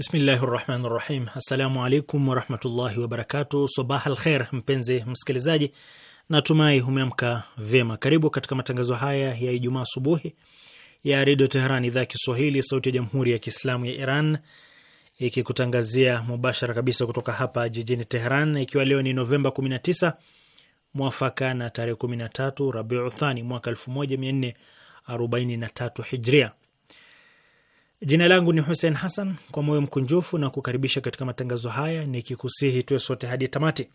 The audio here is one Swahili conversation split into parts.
Bismillahi rahmani rahim. Assalamu alaikum warahmatullahi wabarakatu. Sabah al kher, mpenzi msikilizaji, natumai umeamka vyema. Karibu katika matangazo haya ya Ijumaa asubuhi ya Redio Teheran, idhaa ya Kiswahili, sauti ya Jamhuri ya Kiislamu ya Iran, ikikutangazia mubashara kabisa kutoka hapa jijini Teheran, ikiwa leo ni Novemba 19 mwafaka na tarehe 13 Rabiuthani mwaka 1443 Hijria. Jina langu ni Hussein Hassan, kwa moyo mkunjufu na kukaribisha katika matangazo haya nikikusihi tuwe sote hadi tamati.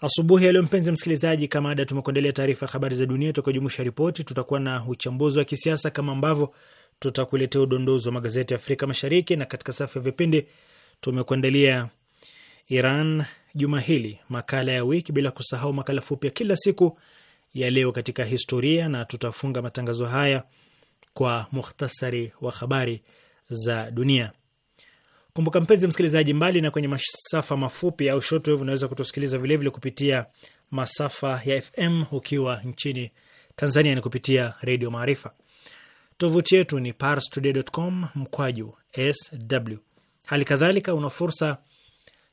Asubuhi ya leo, mpenzi msikilizaji, kama ada, tumekuandalia taarifa ya habari za dunia tukajumuisha ripoti, tutakuwa na uchambuzi wa kisiasa kama ambavyo tutakuletea udondozi wa magazeti ya Afrika Mashariki, na katika safu ya vipindi tumekuandalia Iran juma hili, makala ya wiki, bila kusahau makala fupi ya kila siku ya leo katika historia, na tutafunga matangazo haya kwa muhtasari wa habari za dunia. Kumbuka mpenzi msikilizaji, mbali na kwenye masafa mafupi au shortwave, unaweza kutusikiliza vilevile kupitia masafa ya FM ukiwa nchini Tanzania ni kupitia Redio Maarifa. Tovuti yetu ni parstoday.com mkwaju sw. Hali kadhalika una fursa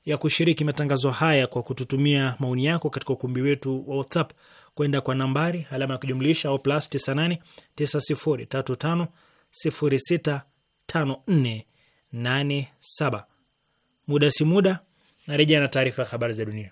ya kushiriki matangazo haya kwa kututumia maoni yako katika ukumbi wetu wa WhatsApp kwenda kwa nambari alama ya kujumlisha au plus 989035065487. Muda si muda narejea na taarifa ya habari za dunia.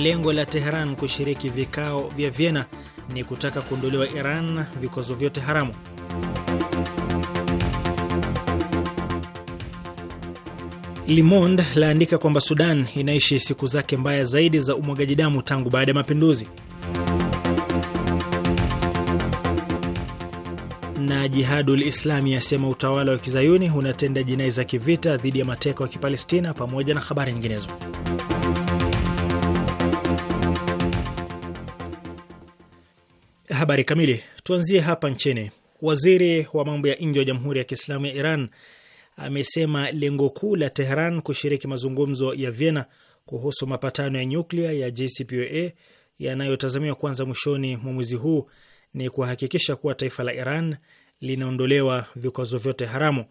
lengo la Teheran kushiriki vikao vya Vienna ni kutaka kuondolewa Iran vikwazo vyote haramu. Limond laandika kwamba Sudan inaishi siku zake mbaya zaidi za umwagaji damu tangu baada ya mapinduzi. Na Jihadul Islami asema utawala wa kizayuni unatenda jinai za kivita dhidi ya mateka wa Kipalestina, pamoja na habari nyinginezo. habari kamili, tuanzie hapa nchini. Waziri wa mambo ya nje wa Jamhuri ya Kiislamu ya Iran amesema lengo kuu la Tehran kushiriki mazungumzo ya Vienna kuhusu mapatano ya nyuklia ya JCPOA yanayotazamiwa kuanza mwishoni mwa mwezi huu ni kuhakikisha kuwa taifa la Iran linaondolewa vikwazo vyote haramu.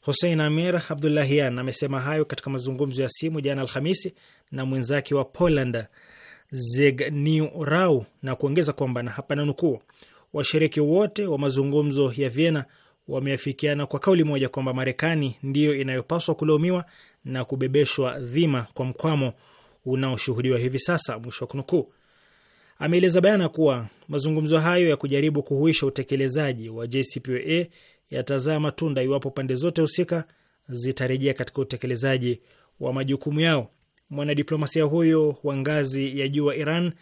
Hussein Amir Abdullahian amesema hayo katika mazungumzo ya simu jana Alhamisi na mwenzake wa Poland Zegniurau na kuongeza kwamba na hapa nanukuu, washiriki wote wa mazungumzo ya Vienna wameafikiana kwa kauli moja kwamba Marekani ndiyo inayopaswa kulaumiwa na kubebeshwa dhima kwa mkwamo unaoshuhudiwa hivi sasa, mwisho wa kunukuu. Ameeleza bayana kuwa mazungumzo hayo ya kujaribu kuhuisha utekelezaji wa JCPOA yatazaa matunda iwapo pande zote husika zitarejea katika utekelezaji wa majukumu yao. Mwanadiplomasia huyo wa ngazi ya juu wa Iran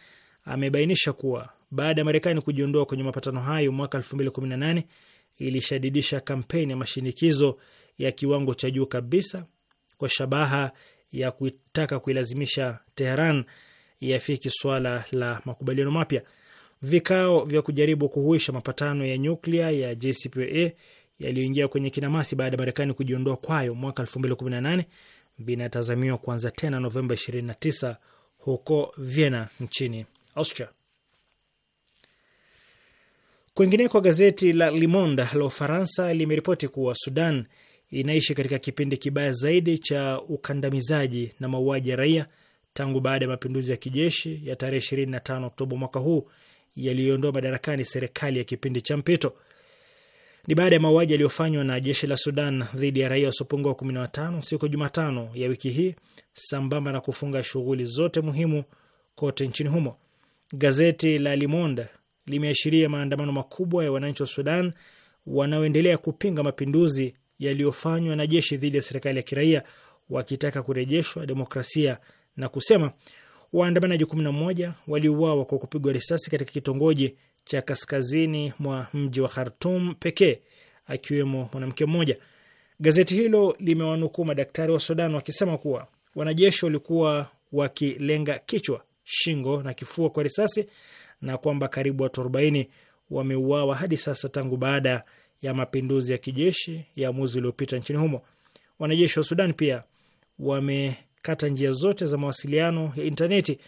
amebainisha kuwa baada ya Marekani kujiondoa kwenye mapatano hayo mwaka 2018 ilishadidisha kampeni ya mashinikizo ya kiwango cha juu kabisa kwa shabaha ya kutaka kuilazimisha Teheran iafiki swala la makubaliano mapya. Vikao vya kujaribu kuhuisha mapatano ya nyuklia ya JCPOA yaliyoingia kwenye kinamasi baada ya Marekani kujiondoa kwayo mwaka 2018 vinatazamiwa kuanza tena Novemba 29 huko Vienna nchini Austria. Kwingineko, gazeti la Le Monde la Ufaransa limeripoti kuwa Sudan inaishi katika kipindi kibaya zaidi cha ukandamizaji na mauaji ya raia tangu baada ya mapinduzi ya kijeshi ya tarehe 25 Oktoba mwaka huu yaliyoondoa madarakani serikali ya kipindi cha mpito ni baada ya mauaji yaliyofanywa na jeshi la Sudan dhidi ya raia wasiopungua 15 siku Jumatano ya wiki hii, sambamba na kufunga shughuli zote muhimu kote nchini humo. Gazeti la Limonda limeashiria maandamano makubwa ya wananchi wa Sudan wanaoendelea kupinga mapinduzi yaliyofanywa na jeshi dhidi ya serikali ya kiraia, wakitaka kurejeshwa demokrasia na kusema waandamanaji moja waliuawa kwa kupigwa risasi katika kitongoji cha kaskazini mwa mji wa Khartum pekee akiwemo mwanamke mmoja. Gazeti hilo limewanukuu madaktari wa Sudan wakisema kuwa wanajeshi walikuwa wakilenga kichwa, shingo na kifua kwa risasi na kwamba karibu watu arobaini wameuawa hadi sasa tangu baada ya mapinduzi ya kijeshi ya mwezi uliopita nchini humo. Wanajeshi wa Sudan pia wamekata njia zote za mawasiliano ya intaneti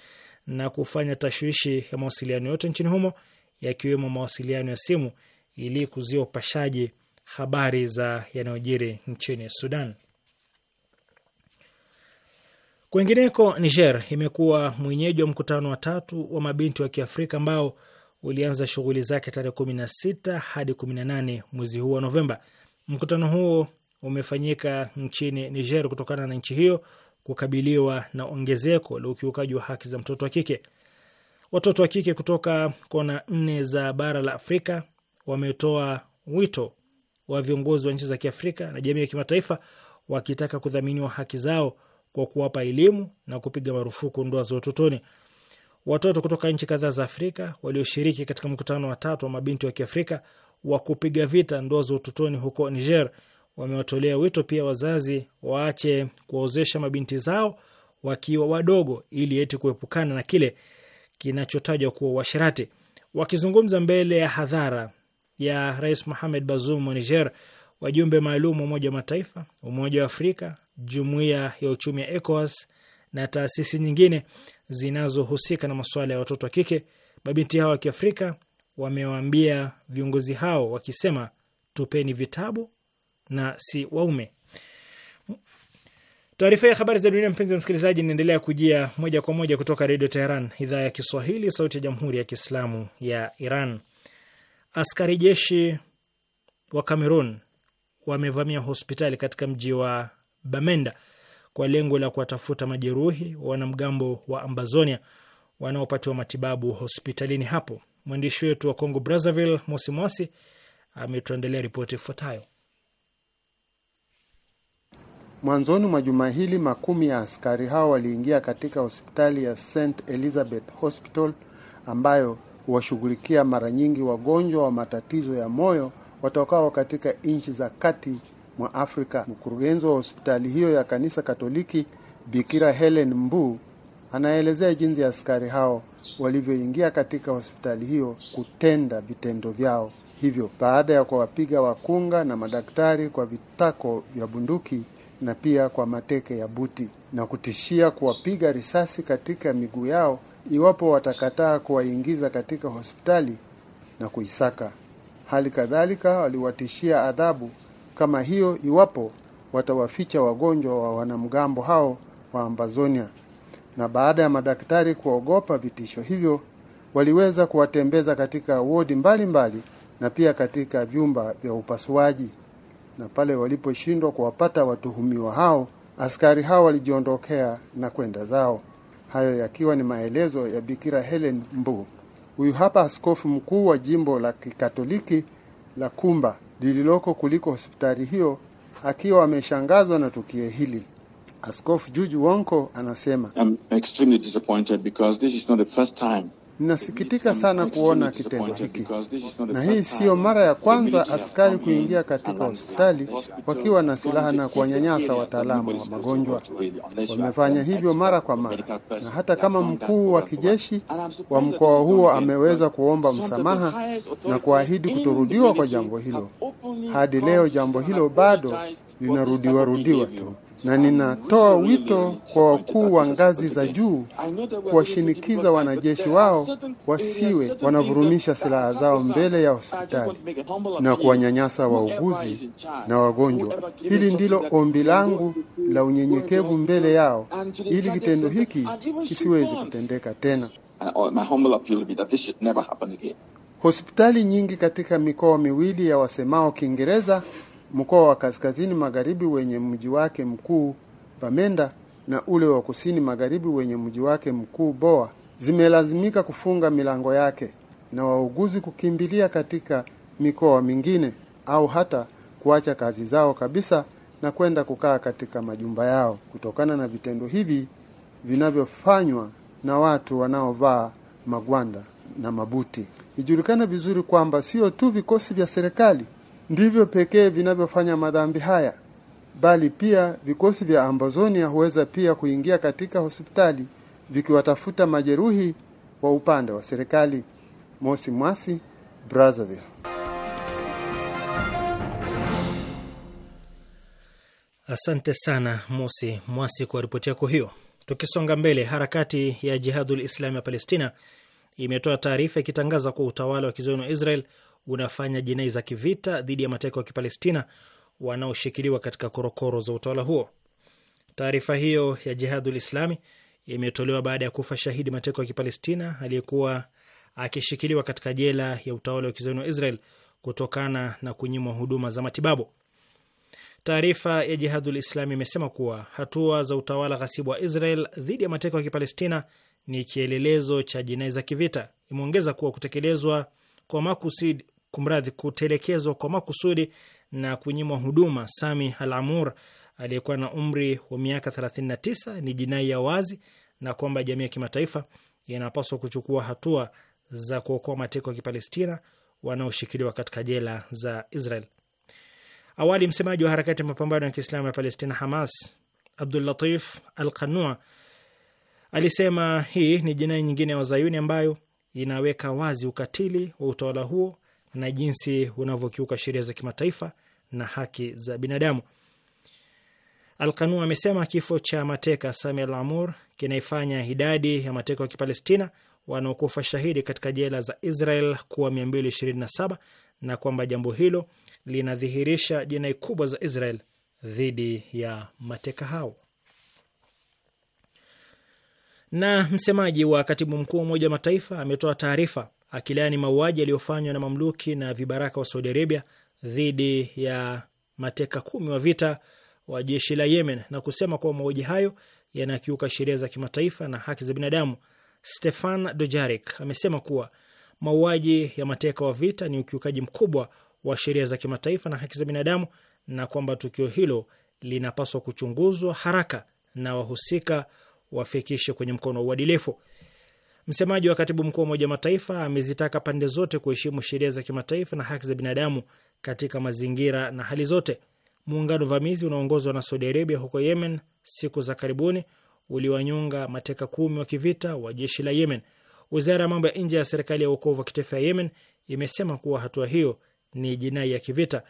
na kufanya tashwishi ya mawasiliano yote nchini humo yakiwemo mawasiliano ya simu ili kuzuia upashaji habari za yanayojiri nchini Sudan. Kwengineko, Niger imekuwa mwenyeji wa mkutano wa tatu wa mabinti wa Kiafrika ambao ulianza shughuli zake tarehe kumi na sita hadi kumi na nane mwezi huu wa Novemba. Mkutano huo umefanyika nchini Niger kutokana na nchi hiyo kukabiliwa na ongezeko la ukiukaji wa haki za mtoto wa kike. Watoto wa kike kutoka kona nne za bara la Afrika wametoa wito wa viongozi wa nchi za Kiafrika na jamii ya kimataifa wakitaka kudhaminiwa haki zao kwa kuwapa elimu na kupiga marufuku ndoa za utotoni. Watoto kutoka nchi kadhaa za Afrika walioshiriki katika mkutano wa tatu wa mabinti wa Kiafrika wa kupiga vita ndoa za utotoni huko Niger wamewatolea wito pia wazazi waache kuwaozesha mabinti zao wakiwa wadogo ili eti kuepukana na kile kinachotajwa kuwa uasherati. Wakizungumza mbele ya hadhara ya Rais Mohamed Bazoum wa Niger, wajumbe maalum wa Umoja wa Mataifa, Umoja wa Afrika, Jumuiya ya Uchumi ya ECOWAS na taasisi nyingine zinazohusika na masuala ya watoto wa kike, mabinti hao wa Kiafrika wamewaambia viongozi hao wakisema, tupeni vitabu na si waume. Taarifa ya habari za dunia, mpenzi msikilizaji, inaendelea kujia moja kwa moja kutoka Redio Teheran, idhaa ya Kiswahili, sauti ya jamhuri ya kiislamu ya Iran. Askari jeshi wa Cameroon wamevamia hospitali katika mji wa Bamenda kwa lengo la kuwatafuta majeruhi wanamgambo wa Ambazonia wanaopatiwa matibabu hospitalini hapo. Mwandishi wetu wa Congo Brazzaville, Mosi ametuandalia ripoti ifuatayo. Mwanzoni mwa juma hili makumi ya askari hao waliingia katika hospitali ya St Elizabeth Hospital ambayo huwashughulikia mara nyingi wagonjwa wa matatizo ya moyo watokao katika nchi za kati mwa Afrika. Mkurugenzi wa hospitali hiyo ya kanisa Katoliki Bikira Helen Mbu anaelezea jinsi askari hao walivyoingia katika hospitali hiyo kutenda vitendo vyao hivyo baada ya kuwapiga wakunga na madaktari kwa vitako vya bunduki na pia kwa mateke ya buti na kutishia kuwapiga risasi katika miguu yao iwapo watakataa kuwaingiza katika hospitali na kuisaka. Hali kadhalika waliwatishia adhabu kama hiyo iwapo watawaficha wagonjwa wa wanamgambo hao wa Ambazonia. Na baada ya madaktari kuogopa vitisho hivyo, waliweza kuwatembeza katika wodi mbalimbali mbali, na pia katika vyumba vya upasuaji na pale waliposhindwa kuwapata watuhumiwa hao, askari hao walijiondokea na kwenda zao. Hayo yakiwa ni maelezo ya Bikira Helen Mbu. Huyu hapa askofu mkuu wa jimbo la Kikatoliki la Kumba lililoko kuliko hospitali hiyo, akiwa ameshangazwa na tukio hili. Askofu Juju Wonko anasema I'm extremely disappointed because this is not the first time Ninasikitika sana kuona kitendo hiki, na hii siyo mara ya kwanza askari kuingia katika hospitali wakiwa na silaha na kuwanyanyasa wataalamu wa magonjwa. Wamefanya hivyo mara kwa mara, na hata kama mkuu wa kijeshi wa mkoa huo ameweza kuomba msamaha na kuahidi kutorudiwa kwa jambo hilo, hadi leo jambo hilo bado linarudiwarudiwa tu na ninatoa wito kwa wakuu wa ngazi za juu kuwashinikiza wanajeshi wao wasiwe wanavurumisha silaha zao mbele ya hospitali na kuwanyanyasa wauguzi na wagonjwa. Hili ndilo ombi langu la unyenyekevu mbele yao, ili kitendo hiki kisiwezi kutendeka tena. Hospitali nyingi katika mikoa miwili ya wasemao Kiingereza mkoa wa kaskazini magharibi wenye mji wake mkuu Bamenda na ule wa kusini magharibi wenye mji wake mkuu Boa zimelazimika kufunga milango yake na wauguzi kukimbilia katika mikoa mingine au hata kuacha kazi zao kabisa na kwenda kukaa katika majumba yao kutokana na vitendo hivi vinavyofanywa na watu wanaovaa magwanda na mabuti. Ijulikana vizuri kwamba sio tu vikosi vya serikali ndivyo pekee vinavyofanya madhambi haya, bali pia vikosi vya Ambazonia huweza pia kuingia katika hospitali vikiwatafuta majeruhi wa upande wa serikali. Mosi Mwasi, Brazzaville. Asante sana Mosi Mwasi kwa ripoti yako hiyo. Tukisonga mbele, harakati ya Jihadul Islam ya Palestina imetoa taarifa ikitangaza kuwa utawala wa kizayuni wa Israel unafanya jinai za kivita dhidi ya mateka wa Kipalestina wanaoshikiliwa katika korokoro za utawala huo. Taarifa hiyo ya Jihadul Islami imetolewa baada ya kufa shahidi mateka wa Kipalestina aliyekuwa akishikiliwa katika jela ya utawala wa kizayuni wa Israel kutokana na kunyimwa huduma za matibabu. Taarifa ya Jihadul Islami imesema kuwa hatua za utawala ghasibu wa Israel dhidi ya mateka wa Kipalestina ni kielelezo cha jinai za kivita. Imeongeza kuwa kutekelezwa kwa makusudi, kumradhi, kutelekezwa kwa makusudi na kunyimwa huduma Sami Al-Amur aliyekuwa na umri wa miaka 39 ni jinai ya wazi, na kwamba jamii ya kimataifa inapaswa kuchukua hatua za kuokoa mateko ya Kipalestina wanaoshikiliwa katika jela za Israel. Awali msemaji wa harakati ya mapambano ya Kiislamu ya Palestina Hamas Abdulatif Al Qanua alisema hii ni jinai nyingine ya wazayuni ambayo inaweka wazi ukatili wa utawala huo na jinsi unavyokiuka sheria za kimataifa na haki za binadamu. Alkanu amesema kifo cha mateka Sami Al Amur kinaifanya idadi ya mateka wa Kipalestina wanaokufa shahidi katika jela za Israel kuwa 227 na kwamba jambo hilo linadhihirisha jinai kubwa za Israel dhidi ya mateka hao. Na msemaji wa katibu mkuu wa Umoja wa Mataifa ametoa taarifa akilaani mauaji yaliyofanywa na mamluki na vibaraka wa Saudi Arabia dhidi ya mateka kumi wa vita wa jeshi la Yemen na kusema kuwa mauaji hayo yanakiuka sheria za kimataifa na haki za binadamu. Stefan Dojarik amesema kuwa mauaji ya mateka wa vita ni ukiukaji mkubwa wa sheria za kimataifa na haki za binadamu na kwamba tukio hilo linapaswa kuchunguzwa haraka na wahusika wafikishe kwenye mkono wa uadilifu. Msemaji wa katibu mkuu wa Umoja wa Mataifa amezitaka pande zote kuheshimu sheria za kimataifa na haki za binadamu katika mazingira na hali zote. Muungano vamizi unaongozwa na Saudi Arabia huko Yemen siku za karibuni uliwanyonga mateka kumi wa kivita wa jeshi la Yemen. Wizara ya mambo ya nje ya serikali ya uokovu wa kitaifa ya Yemen imesema kuwa hatua hiyo ni jinai ya kivita.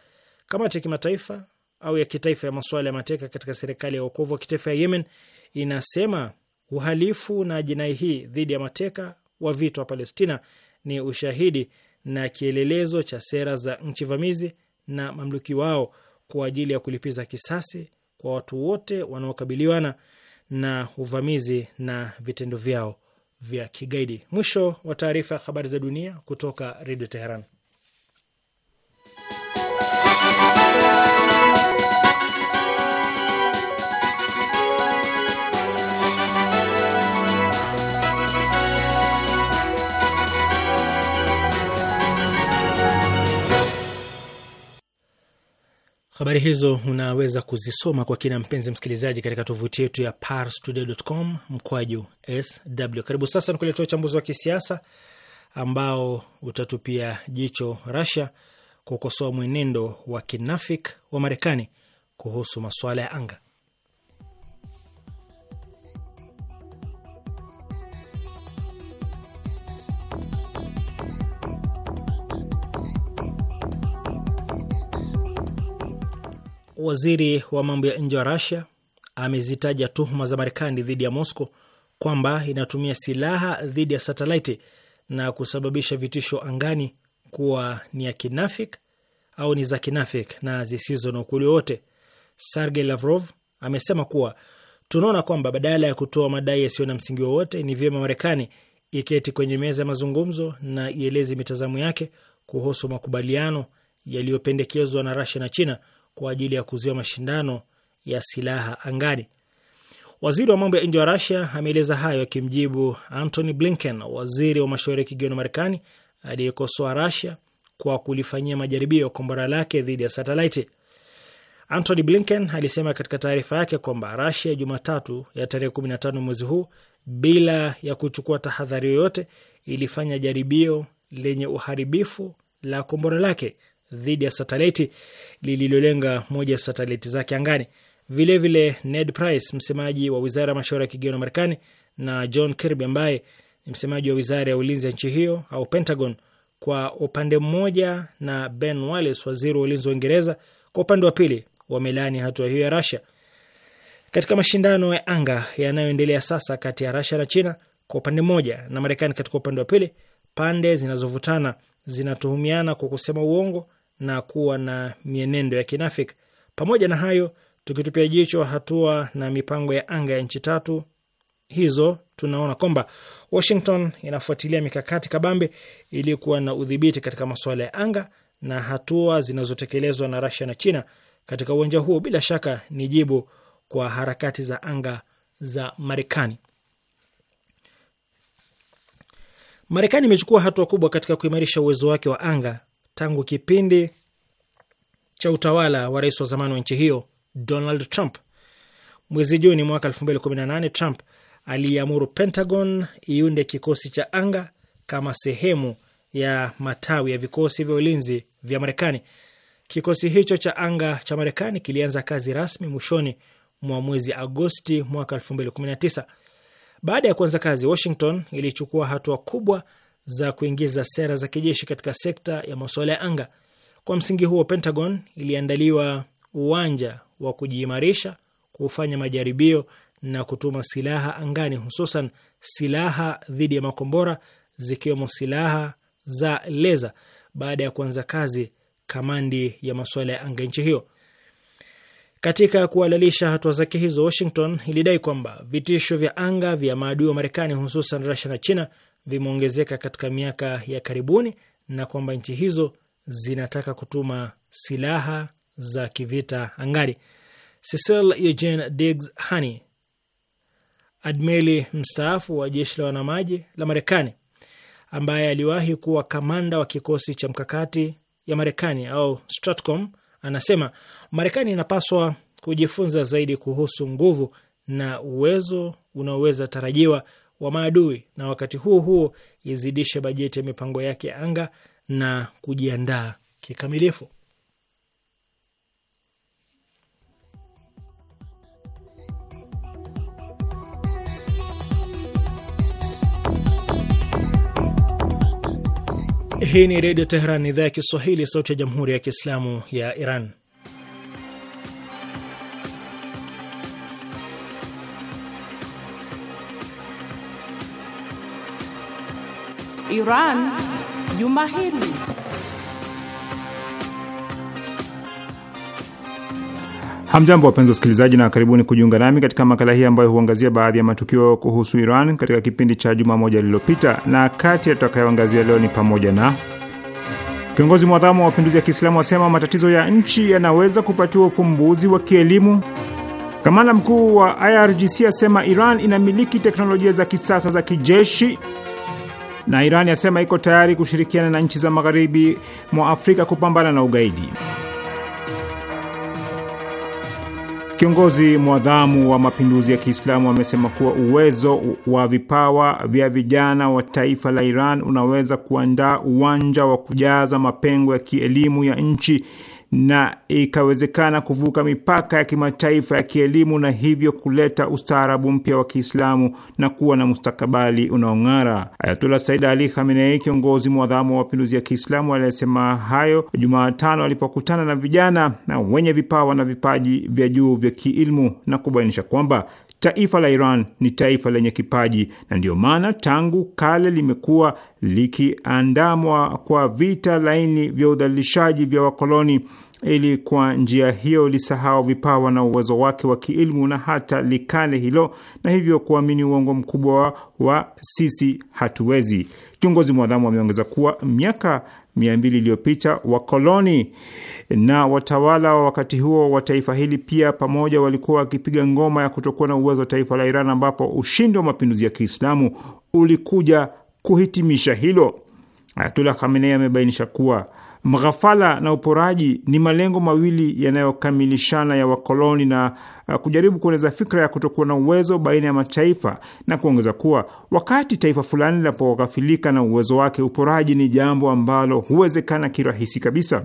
Kamati ya kimataifa au ya kitaifa ya masuala ya mateka katika serikali ya uokovu wa kitaifa ya Yemen inasema uhalifu na jinai hii dhidi ya mateka wa vita wa Palestina ni ushahidi na kielelezo cha sera za nchi vamizi na mamluki wao kwa ajili ya kulipiza kisasi kwa watu wote wanaokabiliwana na uvamizi na vitendo vyao vya kigaidi. Mwisho wa taarifa ya habari za dunia kutoka Redio Teheran. Habari hizo unaweza kuzisoma kwa kina, mpenzi msikilizaji, katika tovuti yetu ya parstoday.com mkwaju sw. Karibu sasa nikuletea uchambuzi wa kisiasa ambao utatupia jicho Russia kukosoa mwenendo wa kinafik wa Marekani kuhusu masuala ya anga. waziri wa mambo ya nje wa rasia amezitaja tuhuma za Marekani dhidi ya Moscow kwamba inatumia silaha dhidi ya satelaiti na kusababisha vitisho angani kuwa ni ya kinafik au ni za kinafik na zisizo na ukweli wowote. Sergey Lavrov amesema kuwa tunaona kwamba badala ya kutoa madai yasiyo na msingi wowote, ni vyema Marekani iketi kwenye meza ya mazungumzo na ieleze mitazamo yake kuhusu makubaliano yaliyopendekezwa na rasia na China kwa ajili ya kuzuia mashindano ya silaha angani. Waziri wa mambo ya nje wa Rusia ameeleza hayo akimjibu Antony Blinken, waziri wa mashauri ya kigeni wa Marekani aliyekosoa Rusia kwa kulifanyia majaribio ya kombora lake dhidi ya satelaiti. Antony Blinken alisema katika taarifa yake kwamba Rusia Jumatatu ya tarehe 15 mwezi huu, bila ya kuchukua tahadhari yoyote, ilifanya jaribio lenye uharibifu la kombora lake dhidi ya satelaiti lililolenga moja ya satelaiti zake angani. Vilevile Ned Price, msemaji wa wizara ya mashauri ya kigeni ya Marekani, na John Kirby ambaye ni msemaji wa wizara ya ulinzi ya nchi hiyo au Pentagon kwa upande mmoja, na Ben Wallace, waziri wa ulinzi wa Uingereza, kwa upande wa pili, wamelaani hatua hiyo ya Russia. Katika mashindano ya anga yanayoendelea sasa kati ya Russia na China kwa upande mmoja na Marekani katika upande wa pili, pande zinazovutana zinatuhumiana kwa kusema uongo na kuwa na mienendo ya kinafiki. Pamoja na hayo, tukitupia jicho hatua na mipango ya anga ya nchi tatu hizo, tunaona kwamba Washington inafuatilia mikakati kabambe ili kuwa na udhibiti katika masuala ya anga na hatua zinazotekelezwa na Russia na China katika uwanja huo bila shaka ni jibu kwa harakati za anga za Marekani. Marekani imechukua hatua kubwa katika kuimarisha uwezo wake wa anga tangu kipindi cha utawala wa rais wa zamani wa nchi hiyo Donald Trump. Mwezi Juni mwaka 2018 Trump aliamuru Pentagon iunde kikosi cha anga kama sehemu ya matawi ya vikosi vya ulinzi vya Marekani. Kikosi hicho cha anga cha Marekani kilianza kazi rasmi mwishoni mwa mwezi Agosti mwaka 2019. Baada ya kuanza kazi, Washington ilichukua hatua kubwa za kuingiza sera za kijeshi katika sekta ya masuala ya anga. Kwa msingi huo, Pentagon iliandaliwa uwanja wa kujiimarisha, kufanya majaribio na kutuma silaha angani, hususan silaha dhidi ya makombora zikiwemo silaha za leza, baada ya kuanza kazi kamandi ya masuala ya anga nchi hiyo. Katika kuhalalisha hatua zake hizo, Washington ilidai kwamba vitisho vya anga vya maadui wa Marekani, hususan Rusia na China vimeongezeka katika miaka ya karibuni na kwamba nchi hizo zinataka kutuma silaha za kivita angani. Cecil Eugene Diggs Haney, admeli mstaafu wa jeshi la wanamaji la Marekani, ambaye aliwahi kuwa kamanda wa kikosi cha mkakati ya Marekani au Stratcom, anasema Marekani inapaswa kujifunza zaidi kuhusu nguvu na uwezo unaoweza tarajiwa wa maadui, na wakati huo huo izidishe bajeti ya mipango yake ya anga na kujiandaa kikamilifu. Hii ni Redio Teheran, idhaa ya Kiswahili, sauti ya Jamhuri ya Kiislamu ya Iran. Iran juma hili. Hamjambo, wapenzi wasikilizaji, na karibuni kujiunga nami katika makala hii ambayo huangazia baadhi ya matukio kuhusu Iran katika kipindi cha juma moja lililopita, na kati ya tutakayoangazia leo ni pamoja na kiongozi mwadhamu wa mapinduzi ya Kiislamu asema matatizo ya nchi yanaweza kupatiwa ufumbuzi wa kielimu. Kamanda mkuu wa IRGC asema Iran inamiliki teknolojia za kisasa za kijeshi na Iran yasema iko tayari kushirikiana na nchi za magharibi mwa Afrika kupambana na ugaidi. Kiongozi mwadhamu wa mapinduzi ya Kiislamu amesema kuwa uwezo wa vipawa vya vijana wa taifa la Iran unaweza kuandaa uwanja wa kujaza mapengo ya kielimu ya nchi na ikawezekana kuvuka mipaka ya kimataifa ya kielimu na hivyo kuleta ustaarabu mpya wa Kiislamu na kuwa na mustakabali unaong'ara. ayatula Said Ali Khamenei, kiongozi mwadhamu wa mapinduzi ya Kiislamu, aliyesema hayo Jumatano alipokutana na vijana na wenye vipawa na vipaji vya juu vya kiilmu na kubainisha kwamba Taifa la Iran ni taifa lenye kipaji na ndiyo maana tangu kale limekuwa likiandamwa kwa vita laini vya udhalilishaji vya wakoloni ili kwa njia hiyo lisahau vipawa na uwezo wake wa kiilmu na hata likale hilo na hivyo kuamini uongo mkubwa wa sisi hatuwezi. Kiongozi mwadhamu ameongeza kuwa miaka mia mbili iliyopita wakoloni na watawala wa wakati huo wa taifa hili pia pamoja walikuwa wakipiga ngoma ya kutokuwa na uwezo wa taifa la Iran, ambapo ushindi wa mapinduzi ya Kiislamu ulikuja kuhitimisha hilo. Ayatullah Khamenei amebainisha kuwa Mghafala na uporaji ni malengo mawili yanayokamilishana ya wakoloni na uh, kujaribu kueleza fikra ya kutokuwa na uwezo baina ya mataifa, na kuongeza kuwa wakati taifa fulani linapoghafilika na uwezo wake, uporaji ni jambo ambalo huwezekana kirahisi kabisa.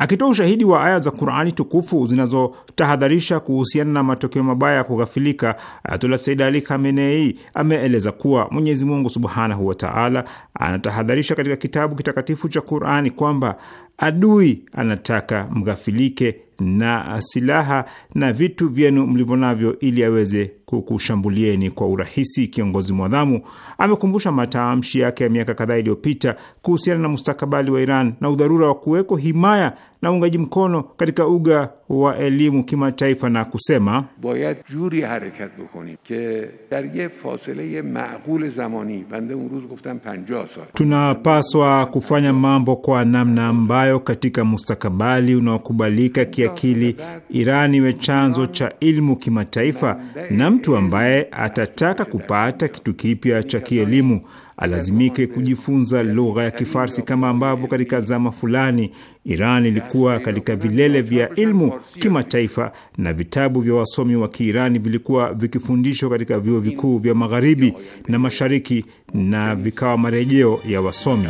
Akitoa ushahidi wa aya za Qurani tukufu zinazotahadharisha kuhusiana na matokeo mabaya ya kughafilika, Ayatullah Said Ali Khamenei ameeleza kuwa Mwenyezi Mungu subhanahu wataala anatahadharisha katika kitabu kitakatifu cha Qurani kwamba adui anataka mghafilike na silaha na vitu vyenu mlivyo navyo ili aweze kukushambulieni kwa urahisi. Kiongozi mwadhamu amekumbusha matamshi yake ya miaka kadhaa iliyopita kuhusiana na mustakabali wa Iran na udharura wa kuwekwa himaya na uungaji mkono katika uga wa elimu kimataifa na kusema, boyad juri harakat bokonim ke dar ye fasile maqul zamani bande un ruz goftam 50 sal, tunapaswa kufanya mambo kwa namna ambayo katika mustakabali unaokubalika kia kiakili, Iran iwe chanzo cha ilmu kimataifa, na mtu ambaye atataka kupata kitu kipya cha kielimu alazimike kujifunza lugha ya Kifarsi kama ambavyo katika zama fulani Iran ilikuwa katika vilele vya ilmu kimataifa na vitabu vya wasomi wa Kiirani vilikuwa vikifundishwa katika vyuo vikuu vya magharibi na mashariki na vikawa marejeo ya wasomi.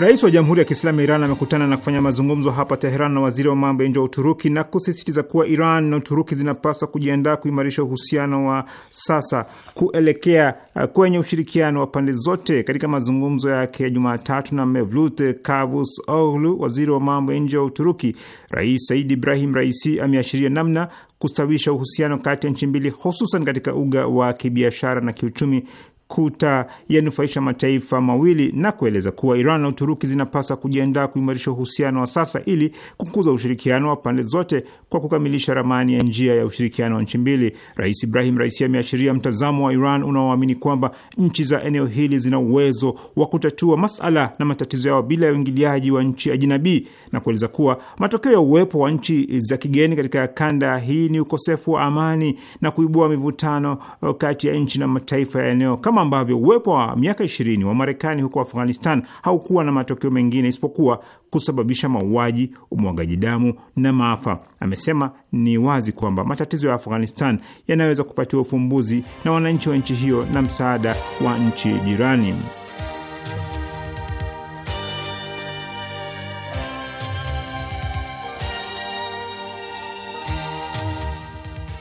Rais wa Jamhuri ya Kiislamu ya Iran amekutana na kufanya mazungumzo hapa Teheran na waziri wa mambo ya nje wa Uturuki na kusisitiza kuwa Iran na Uturuki zinapaswa kujiandaa kuimarisha uhusiano wa sasa kuelekea uh, kwenye ushirikiano wa pande zote. Katika mazungumzo yake ya Jumatatu na Mevlut Cavusoglu, waziri wa mambo ya nje wa Uturuki, Rais Said Ibrahim Raisi ameashiria namna kustawisha uhusiano kati ya nchi mbili, hususan katika uga wa kibiashara na kiuchumi kutayanufaisha mataifa mawili na kueleza kuwa Iran na Uturuki zinapaswa kujiandaa kuimarisha uhusiano wa sasa ili kukuza ushirikiano wa pande zote kwa kukamilisha ramani ya njia ya ushirikiano wa nchi mbili. Rais Ibrahim Raisi ameashiria mtazamo wa Iran unaoamini kwamba nchi za eneo hili zina uwezo wa kutatua masala na matatizo yao bila ya uingiliaji wa nchi ajinabii na kueleza kuwa matokeo ya uwepo wa nchi za kigeni katika kanda hii ni ukosefu wa amani na kuibua mivutano uh, kati ya nchi na mataifa ya eneo kama kama ambavyo uwepo wa miaka ishirini wa Marekani huko Afghanistan haukuwa na matokeo mengine isipokuwa kusababisha mauaji, umwagaji damu na maafa. Amesema ni wazi kwamba matatizo ya Afghanistan yanaweza kupatiwa ufumbuzi na wananchi wa nchi hiyo na msaada wa nchi jirani.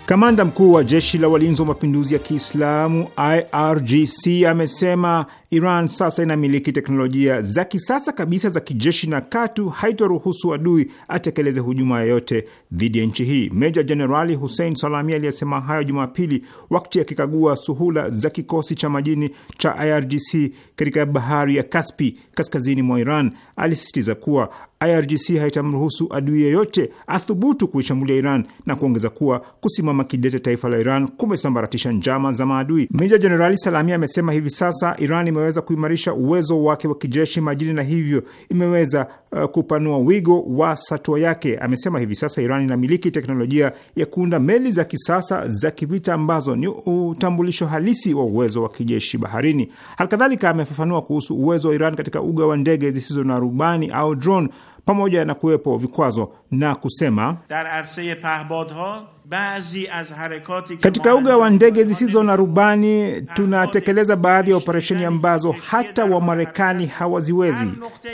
Kamanda mkuu wa jeshi la walinzi wa mapinduzi ya Kiislamu IRGC amesema Iran sasa inamiliki teknolojia za kisasa kabisa za kijeshi na katu haitoruhusu adui atekeleze hujuma yoyote dhidi ya nchi hii. Meja Jenerali Hussein Salami aliyesema hayo Jumapili wakati akikagua suhula za kikosi cha majini cha IRGC katika bahari ya Kaspi kaskazini mwa Iran alisisitiza kuwa IRGC haitamruhusu adui yeyote athubutu kuishambulia Iran na kuongeza kuwa kusimama kidete taifa la Iran kumesambaratisha njama za maadui. Meja Jenerali Salami amesema hivi sasa Iran imeweza kuimarisha uwezo wake wa kijeshi majini na hivyo imeweza uh, kupanua wigo wa satwa yake. Amesema hivi sasa Iran inamiliki teknolojia ya kuunda meli za kisasa za kivita ambazo ni utambulisho halisi wa uwezo wa kijeshi baharini. Halikadhalika, amefafanua kuhusu uwezo wa Iran katika uga wa ndege zisizo na rubani au drone pamoja na kuwepo vikwazo na kusema katika uga wa ndege zisizo na rubani tunatekeleza baadhi ya operesheni ambazo hata Wamarekani hawaziwezi.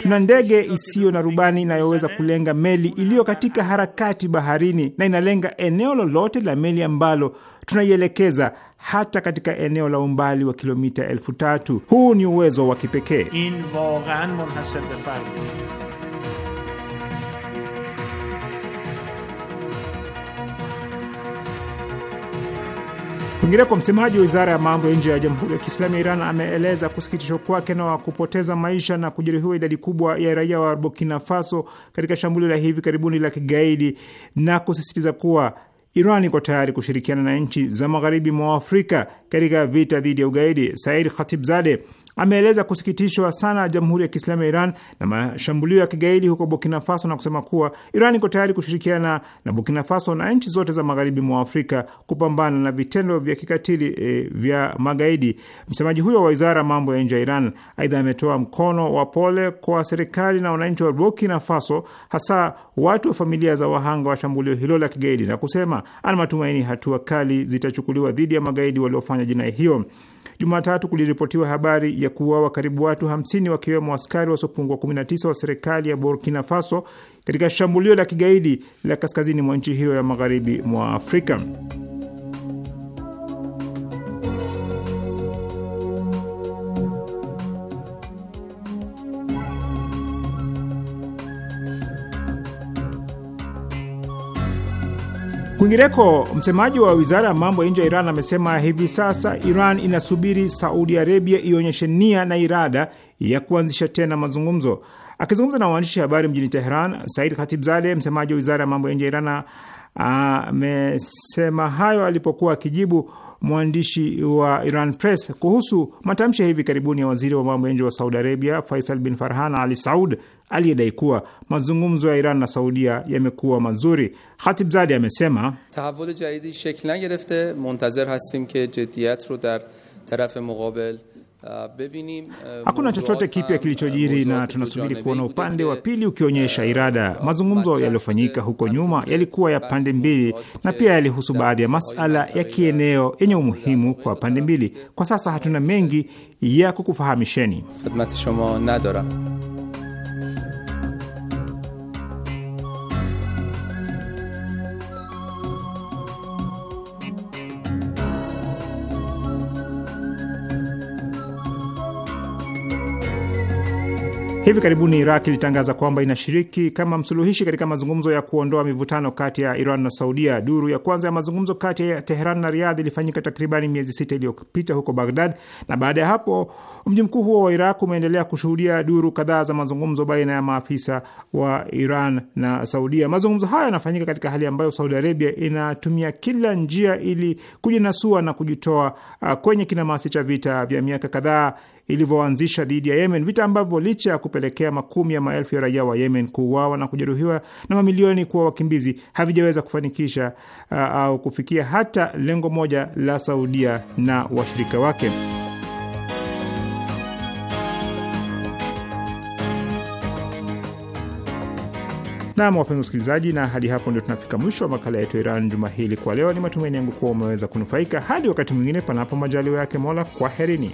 Tuna ndege isiyo na rubani inayoweza kulenga meli iliyo katika harakati baharini na inalenga eneo lolote la meli ambalo tunaielekeza hata katika eneo la umbali wa kilomita elfu tatu. Huu ni uwezo wa kipekee. Kwinginea kwa msemaji wa wizara ya mambo ya nje ya Jamhuri ya Kiislamu ya Iran ameeleza kusikitishwa kwake na wa kupoteza maisha na kujeruhiwa idadi kubwa ya raia wa Burkina Faso katika shambulio la hivi karibuni la kigaidi na kusisitiza kuwa Iran iko tayari kushirikiana na nchi za magharibi mwa Afrika katika vita dhidi ya ugaidi. Said Khatibzade, ameeleza kusikitishwa sana Jamhuri ya Kiislamu ya Iran na mashambulio ya kigaidi huko Burkina Faso na kusema kuwa Iran iko tayari kushirikiana na Burkina Faso na nchi zote za magharibi mwa Afrika kupambana na vitendo vya kikatili e, vya magaidi. Msemaji huyo wa wizara mambo ya nje ya Iran aidha ametoa mkono wa pole kwa serikali na wananchi wa Burkina Faso, hasa watu wa familia za wahanga wa shambulio hilo la kigaidi na kusema ana matumaini hatua kali zitachukuliwa dhidi ya magaidi waliofanya jinai hiyo. Jumatatu kuliripotiwa habari ya kuuawa karibu watu 50 wakiwemo askari wasiopungua 19 wa serikali ya Burkina Faso katika shambulio la kigaidi la kaskazini mwa nchi hiyo ya magharibi mwa Afrika. Kwingineko, msemaji wa wizara ya mambo ya nje ya Iran amesema hivi sasa Iran inasubiri Saudi Arabia ionyeshe nia na irada ya kuanzisha tena mazungumzo. Akizungumza na waandishi habari mjini Teheran, Said Khatibzadeh, msemaji wa wizara ya mambo ya nje ya Iran, amesema hayo alipokuwa akijibu mwandishi wa Iran Press kuhusu matamshi ya hivi karibuni ya waziri wa mambo ya nje wa Saudi Arabia Faisal bin Farhan Ali Saud aliyedai kuwa mazungumzo ya Iran na Saudia yamekuwa mazuri. zadi amesema tahavul jadidi shekl nagerefte muntazir hastim ke jiddiyat ro dar taraf muqabil Hakuna chochote kipya kilichojiri na tunasubiri kuona upande wa pili ukionyesha irada. Mazungumzo yaliyofanyika huko nyuma yalikuwa ya pande mbili na pia yalihusu baadhi ya masala ya kieneo yenye umuhimu kwa pande mbili. Kwa sasa hatuna mengi ya kukufahamisheni. Hivi karibuni Iraq ilitangaza kwamba inashiriki kama msuluhishi katika mazungumzo ya kuondoa mivutano kati ya Iran na Saudia. Duru ya kwanza ya mazungumzo kati ya Teheran na riadh ilifanyika takribani miezi sita iliyopita huko Baghdad, na baada ya hapo mji mkuu huo wa Iraq umeendelea kushuhudia duru kadhaa za mazungumzo baina ya maafisa wa Iran na Saudia. Mazungumzo hayo yanafanyika katika hali ambayo Saudi Arabia inatumia kila njia ili kujinasua na kujitoa uh, kwenye kinamasi cha vita vya miaka kadhaa ilivyoanzisha dhidi ya Yemen, vita ambavyo licha ya kupelekea makumi ya maelfu ya raia wa Yemen kuuawa na kujeruhiwa na mamilioni kuwa wakimbizi, havijaweza kufanikisha uh, au kufikia hata lengo moja la Saudia na washirika wake. Nam, wapenzi wasikilizaji, na hadi hapo ndio tunafika mwisho wa makala yetu Iran juma hili. Kwa leo, ni matumaini yangu kuwa umeweza kunufaika. Hadi wakati mwingine, panapo majaliwa yake Mola, kwaherini.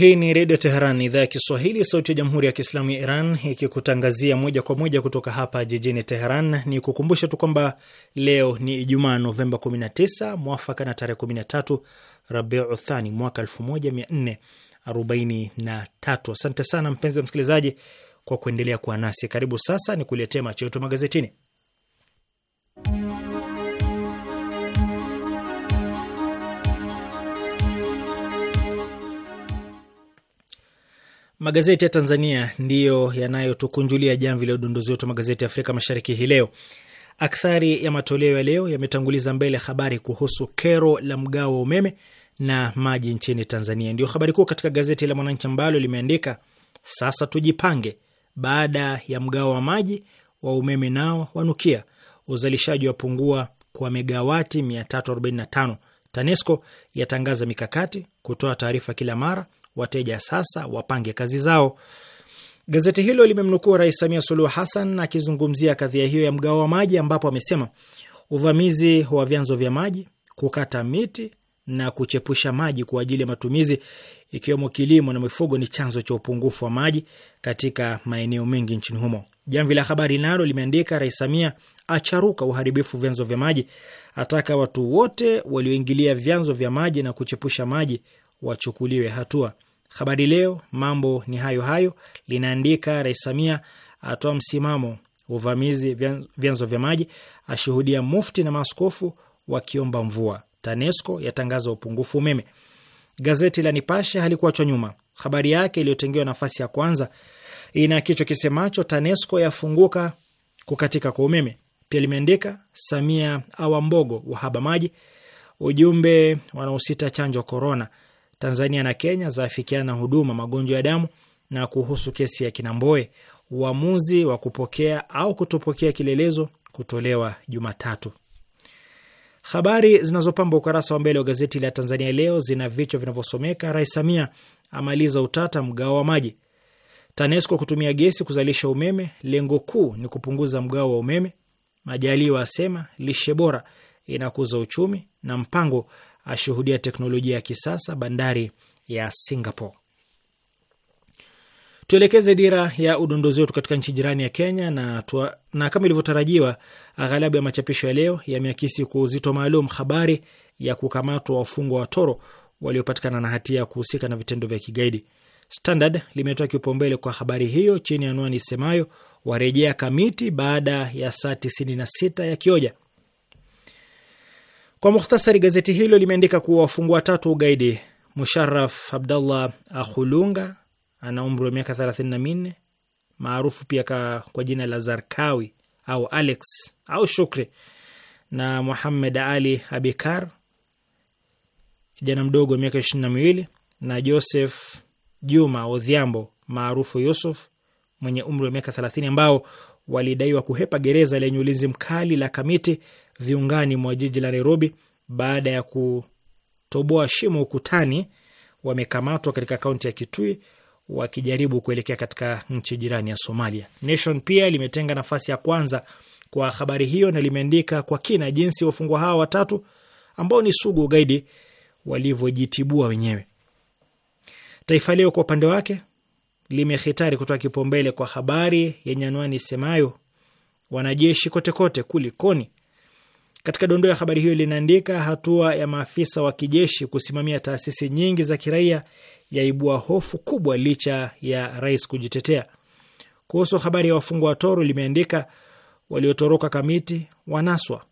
Hii ni Redio Teheran, idhaa ya Kiswahili, sauti ya Jamhuri ya Kiislamu ya Iran, ikikutangazia moja kwa moja kutoka hapa jijini Teheran. Ni kukumbusha tu kwamba leo ni Ijumaa, Novemba 19 mwafaka na tarehe 13 Rabiu Thani mwaka 1443. Asante sana mpenzi msikilizaji kwa kuendelea kuwa nasi. Karibu sasa ni kuletea macho yetu magazetini. Magazeti ya Tanzania ndiyo yanayotukunjulia jamvi la udondozi wetu magazeti ya Afrika Mashariki hii leo. Akthari ya matoleo ya leo yametanguliza mbele habari kuhusu kero la mgao wa umeme na maji nchini Tanzania. Ndio habari kuu katika gazeti la Mwananchi ambalo limeandika sasa tujipange, baada ya mgao wa maji wa umeme nao wanukia, uzalishaji wapungua kwa megawati 345. TANESCO yatangaza mikakati kutoa taarifa kila mara wateja sasa wapange kazi zao. Gazeti hilo limemnukuu Rais Samia Suluhu Hassan akizungumzia kadhia hiyo ya mgao wa maji, ambapo amesema uvamizi wa vyanzo vya maji, kukata miti na kuchepusha maji kwa ajili ya matumizi ikiwemo kilimo na mifugo ni chanzo cha upungufu wa maji katika maeneo mengi nchini humo. Jamvi la Habari nalo limeandika Rais Samia acharuka uharibifu vyanzo vya maji, ataka watu wote walioingilia vyanzo vya maji na kuchepusha maji wachukuliwe hatua. Habari Leo mambo ni hayo hayo linaandika, Rais Samia atoa msimamo uvamizi vyanzo vya maji, ashuhudia mufti na maaskofu wakiomba mvua, TANESCO yatangaza upungufu umeme. Gazeti la Nipashe halikuachwa nyuma. Habari yake iliyotengewa nafasi ya kwanza ina kichwa kisemacho TANESCO yafunguka kukatika kwa umeme. Pia limeandika Samia awa mbogo wahaba maji, ujumbe wanaosita chanjo corona Tanzania na Kenya zaafikiana huduma magonjwa ya damu. Na kuhusu kesi ya Kinamboe, uamuzi wa kupokea au kutopokea kilelezo kutolewa Jumatatu. Habari zinazopamba ukurasa wa mbele wa gazeti la Tanzania Leo zina vichwa vinavyosomeka: Rais Samia amaliza utata mgao wa maji, TANESCO kutumia gesi kuzalisha umeme, lengo kuu ni kupunguza mgao wa umeme, Majaliwa asema lishe bora inakuza uchumi, na Mpango ashuhudia teknolojia ya kisasa bandari ya Singapore. Tuelekeze dira ya udondozi wetu katika nchi jirani ya Kenya na, tuwa, na kama ilivyotarajiwa aghalabu ya machapisho ya leo yameakisi kwa uzito maalum habari ya kukamatwa wafungwa watoro waliopatikana na hatia ya kuhusika na vitendo vya kigaidi. Standard limetoa kipaumbele kwa habari hiyo chini ya anwani isemayo warejea Kamiti baada ya saa 96 ya kioja. Kwa mukhtasari, gazeti hilo limeandika kuwa wafungwa watatu wa ugaidi Musharaf Abdallah Akhulunga ana umri wa miaka 34 maarufu pia kwa jina la Zarkawi au Alex au Shukri na muhamed Ali Abikar kijana mdogo wa miaka ishirini na miwili na Joseph Juma Odhiambo maarufu Yusuf mwenye umri wa miaka 30 ambao walidaiwa kuhepa gereza lenye ulinzi mkali la Kamiti viungani mwa jiji la Nairobi baada ya kutoboa shimo ukutani wamekamatwa katika kaunti ya Kitui wakijaribu kuelekea katika nchi jirani ya Somalia. Nation pia limetenga nafasi ya kwanza kwa habari hiyo na limeandika kwa kina jinsi wafungwa hawa watatu ambao ni sugu ugaidi walivyojitibua wenyewe. Taifa Leo kwa upande wake limehitari kutoa kipaumbele kwa habari yenye anwani semayo wanajeshi kotekote, kulikoni? Katika dondoo ya habari hiyo linaandika hatua ya maafisa wa kijeshi kusimamia taasisi nyingi za kiraia yaibua hofu kubwa licha ya rais kujitetea. Kuhusu habari ya wafungwa wa toro limeandika waliotoroka Kamiti wanaswa,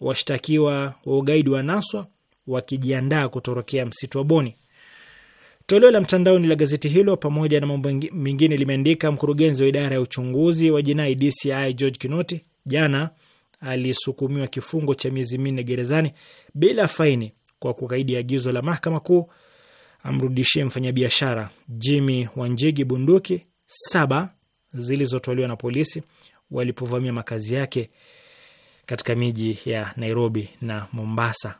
washtakiwa wa ugaidi wanaswa wakijiandaa kutorokea msitu wa Boni. Toleo la mtandaoni la gazeti hilo pamoja na mambo mengine limeandika mkurugenzi wa idara ya uchunguzi wa jinai DCI George Kinoti jana alisukumiwa kifungo cha miezi minne gerezani bila faini kwa kukaidi agizo la mahakama kuu amrudishie mfanyabiashara Jimmy Wanjigi bunduki saba zilizotolewa na polisi walipovamia makazi yake katika miji ya Nairobi na Mombasa.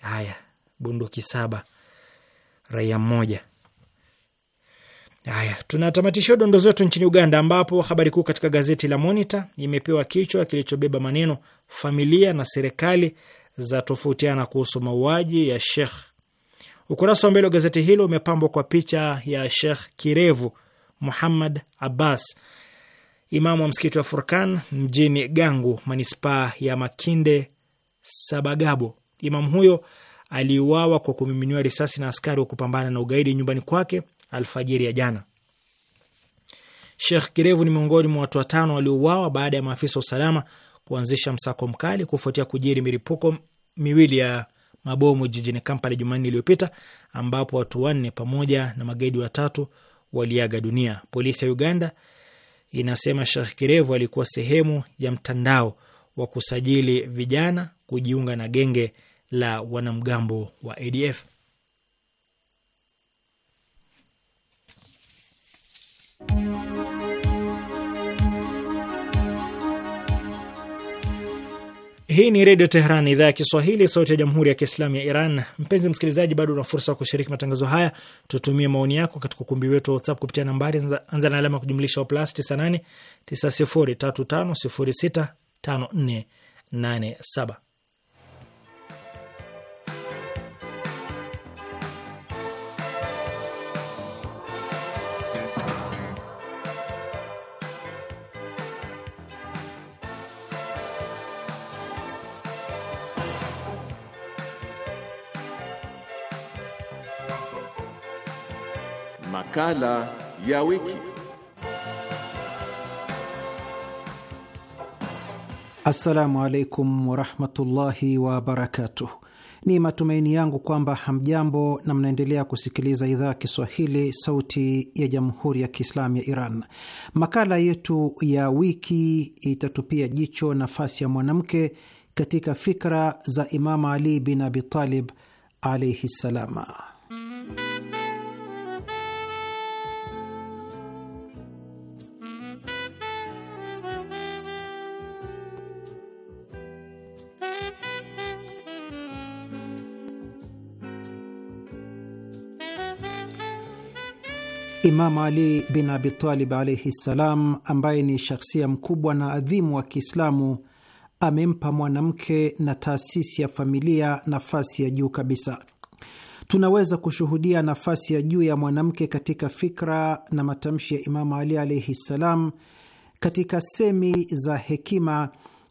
Haya, bunduki saba, raia mmoja. Haya, tunatamatishia dondoo zetu nchini Uganda, ambapo habari kuu katika gazeti la Monitor imepewa kichwa kilichobeba maneno familia na serikali za tofautiana kuhusu mauaji ya Sheikh. Ukurasa wa mbele wa gazeti hilo umepambwa kwa picha ya Sheikh Kirevu Muhammad Abbas, imamu wa msikiti wa Furkan mjini Gangu, manispaa ya Makinde Sabagabo. Imamu huyo aliuawa kwa kumiminiwa risasi na askari wa kupambana na ugaidi nyumbani kwake alfajiri ya jana. Sheikh Kirevu ni miongoni mwa watu watano waliouawa baada ya maafisa wa usalama kuanzisha msako mkali kufuatia kujiri milipuko miwili ya mabomu jijini Kampala Jumanne iliyopita ambapo watu wanne pamoja na magaidi watatu waliaga dunia. Polisi ya Uganda inasema Sheikh Kirevu alikuwa sehemu ya mtandao wa kusajili vijana kujiunga na genge la wanamgambo wa ADF. Hii ni Redio Teheran, idhaa ya Kiswahili, sauti ya Jamhuri ya Kiislamu ya Iran. Mpenzi msikilizaji, bado una fursa ya kushiriki matangazo haya. Tutumie maoni yako katika ukumbi wetu wa WhatsApp kupitia nambari, anza na alama ya kujumlisha plus 98 9035065487. Makala ya wiki. Assalamu alaikum warahmatullahi wabarakatuh. Ni matumaini yangu kwamba hamjambo na mnaendelea kusikiliza idhaa Kiswahili sauti ya jamhuri ya kiislamu ya Iran. Makala yetu ya wiki itatupia jicho nafasi ya mwanamke katika fikra za imamu Ali bin Abi Talib alaihi ssalama. Imam Ali bin Abitalib alaihi ssalam, ambaye ni shakhsia mkubwa na adhimu wa Kiislamu, amempa mwanamke na taasisi ya familia nafasi ya juu kabisa. Tunaweza kushuhudia nafasi ya juu ya mwanamke katika fikra na matamshi ya Imamu Ali alaihi ssalam, katika semi za hekima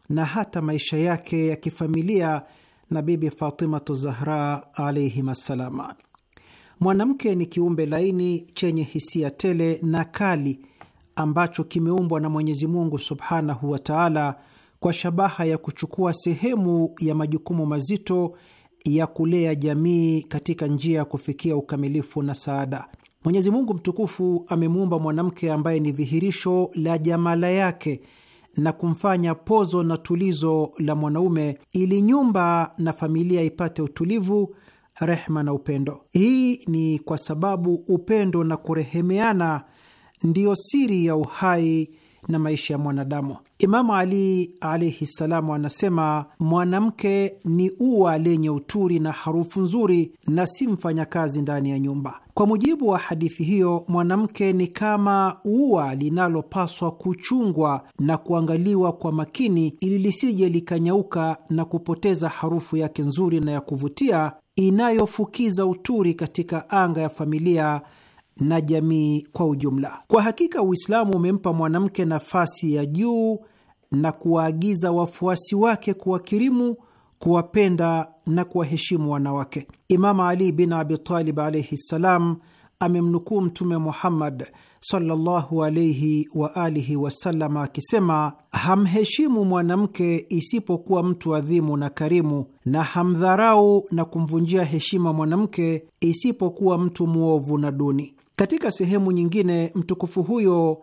na hata maisha yake ya kifamilia na Bibi Fatimatu Zahra alaihim assalama. Mwanamke ni kiumbe laini chenye hisia tele na kali ambacho kimeumbwa na Mwenyezi Mungu subhanahu wa taala kwa shabaha ya kuchukua sehemu ya majukumu mazito ya kulea jamii katika njia ya kufikia ukamilifu na saada. Mwenyezi Mungu mtukufu amemuumba mwanamke ambaye ni dhihirisho la jamala yake na kumfanya pozo na tulizo la mwanaume ili nyumba na familia ipate utulivu rehma na upendo. Hii ni kwa sababu upendo na kurehemeana ndiyo siri ya uhai na maisha ya mwanadamu. Imamu Ali alaihi ssalamu anasema, mwanamke ni ua lenye uturi na harufu nzuri na si mfanyakazi ndani ya nyumba. Kwa mujibu wa hadithi hiyo, mwanamke ni kama ua linalopaswa kuchungwa na kuangaliwa kwa makini ili lisije likanyauka na kupoteza harufu yake nzuri na ya kuvutia inayofukiza uturi katika anga ya familia na jamii kwa ujumla. Kwa hakika Uislamu umempa mwanamke nafasi ya juu na kuwaagiza wafuasi wake kuwakirimu, kuwapenda na kuwaheshimu wanawake. imamu Ali bin Abi Talib alaihi ssalam amemnukuu Mtume Muhammad sallallahu alaihi wa alihi wasallam akisema, hamheshimu mwanamke isipokuwa mtu adhimu na karimu, na hamdharau na kumvunjia heshima mwanamke isipokuwa mtu mwovu na duni. Katika sehemu nyingine, mtukufu huyo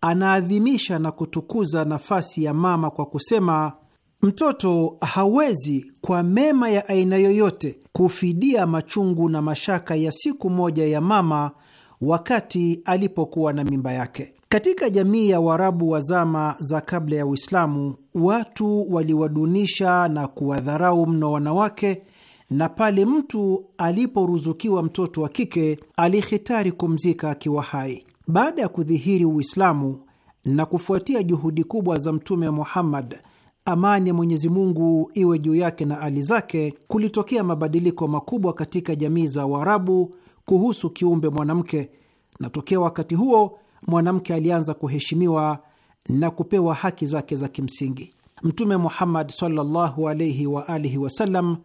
anaadhimisha na kutukuza nafasi ya mama kwa kusema Mtoto hawezi kwa mema ya aina yoyote kufidia machungu na mashaka ya siku moja ya mama wakati alipokuwa na mimba yake. Katika jamii ya Waarabu wa zama za kabla ya Uislamu, watu waliwadunisha na kuwadharau mno wanawake, na pale mtu aliporuzukiwa mtoto wa kike alihitari kumzika akiwa hai. Baada ya kudhihiri Uislamu na kufuatia juhudi kubwa za Mtume Muhammad, amani ya Mwenyezi Mungu iwe juu yake na ali zake, kulitokea mabadiliko makubwa katika jamii za Waarabu kuhusu kiumbe mwanamke, na tokea wakati huo mwanamke alianza kuheshimiwa na kupewa haki zake za kimsingi. Mtume Muhammad sallallahu alaihi wa alihi wasallam